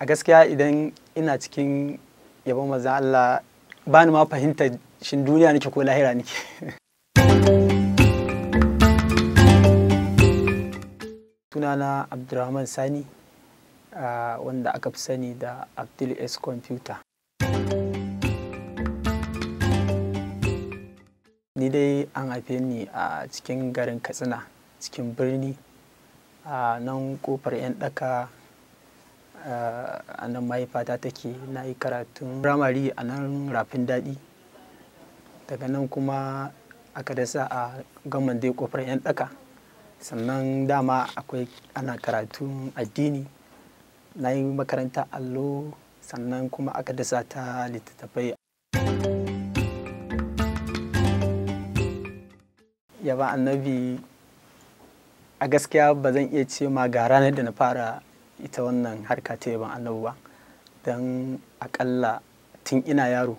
a gaskiya idan ina cikin yabon manzan Allah ba ni ma fahimta shin duniya nake ko lahira nake sunana abdulrahman sani wanda aka fi sani da abdul s computer ni dai an haife ni a cikin garin katsina cikin birni a nan kofar 'yan daka a nan mahaifata take na yi karatun firamare a nan rafin daɗi daga nan kuma aka dasa a gaman dai kofar 'yan ɗaka sannan dama akwai ana karatun addini na yi makaranta allo sannan kuma aka dasa ta littattafai yaba annabi a gaskiya ba zan iya ce ma ga ranar da na fara ita wannan harka ta yaban annabu ba don akalla tun ina yaro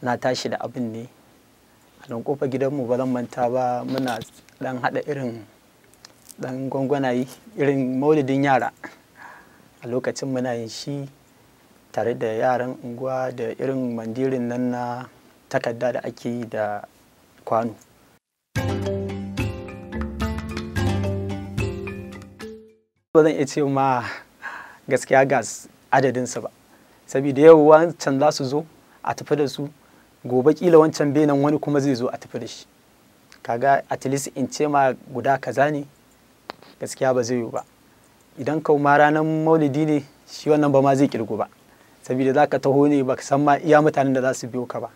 na tashi da abin ne a nan kofa gidanmu ba zan manta ba muna dan hada irin dan gwangwanayi irin maulidin yara a lokacin muna yin shi tare da yaran unguwa da irin mandirin nan na takarda da ake yi da kwano ba zan iya ce ma gaskiya ga adadinsa ba saboda yau wancan za su zo a tafi da su gobe kila wancan benen wani kuma zai zo a tafi da shi kaga at least in ce ma guda kaza ne gaskiya ba zai yiwu ba idan kau ma ranar maulidi ne shi wannan ba ma zai kirgu ba saboda za ka taho ne ba san ma iya mutanen da za su biyo ka ba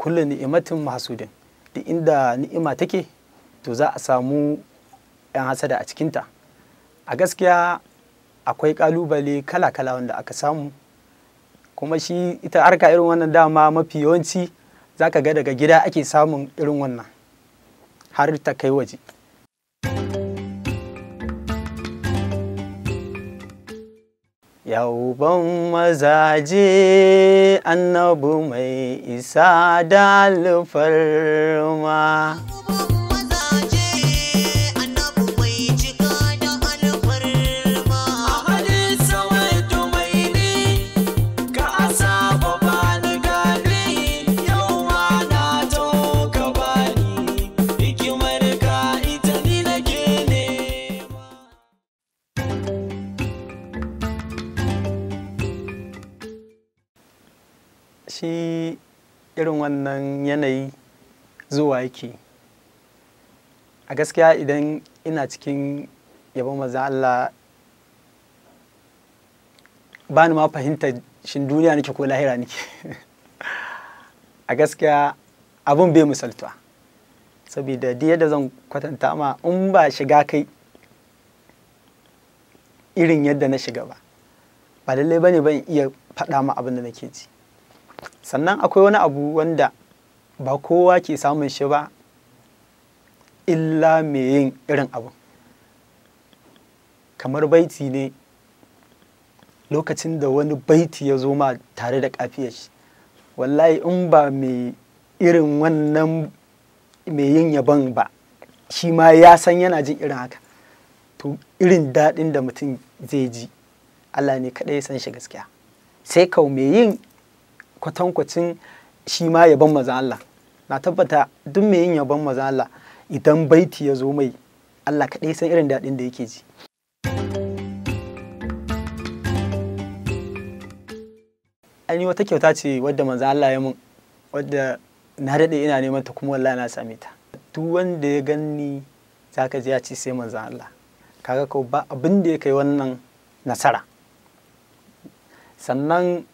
kullum ni'imatin masudin duk inda ni'ima take to za a samu 'yan hasada a cikinta a gaskiya akwai kalubale kala-kala wanda aka samu kuma shi ita arka irin wannan dama mafi yawanci za ka ga daga gida ake samun irin wannan har ta kai waje ban mazaje annabu mai isa da alfarma. shi irin wannan yanayi zuwa yake a gaskiya idan ina cikin yabon maza Allah ba ni ma fahimta shin duniya nake ko lahira nake a gaskiya abin bai misaltuwa saboda duk yadda zan kwatanta ma in ba shiga kai irin yadda na shiga ba ba lallai ba ne ban iya faɗa ma abin da nake ji sannan akwai wani abu wanda ba kowa ke samun shi ba illa mai yin irin abu kamar baiti ne lokacin da wani baiti ya zo ma tare da kafiyar shi wallahi in ba mai irin wannan mai yin yabon ba shi ma ya san yana jin irin haka to irin daɗin da mutum zai ji Allah ne kaɗai ya san shi gaskiya sai kau mai yin kwatankwacin shi ma yabon maza Allah na tabbata duk mai yin yabon maza Allah idan baiti ya zo mai Allah kaɗai san irin daɗin da yake ji Ani wata kyauta ce wadda maza Allah ya mun wadda na daɗe ina neman ta kuma wallahi na same ta duk wanda ya ganni zaka ji ya ci sai maza Allah kaga ko ba abin da ya kai wannan nasara sannan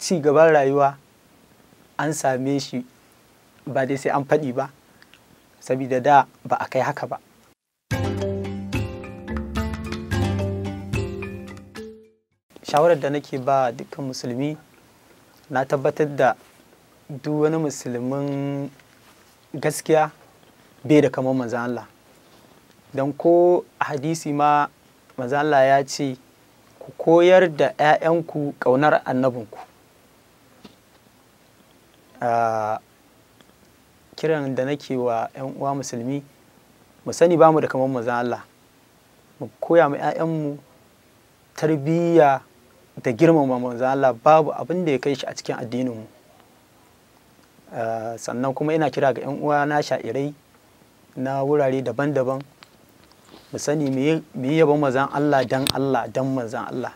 ci gaban rayuwa an same shi ba dai sai an faɗi ba sabida da ba a kai haka ba shawarar da nake ba dukkan musulmi na tabbatar da duk wani musulmin gaskiya bai da kamar manzan Allah don ko a hadisi ma manzan Allah ya ce ku koyar da 'ya'yanku ƙaunar annabinku kiran da nake wa 'yan uwa musulmi mu sani ba mu da kamar mazan Allah mu koya ma mu tarbiyya da girmama mazan Allah babu abin da ya kai shi a cikin addinin mu sannan kuma ina kira ga 'yan uwa na sha'irai na wurare daban-daban mu sani mu yi yabon mazan Allah dan Allah dan mazan Allah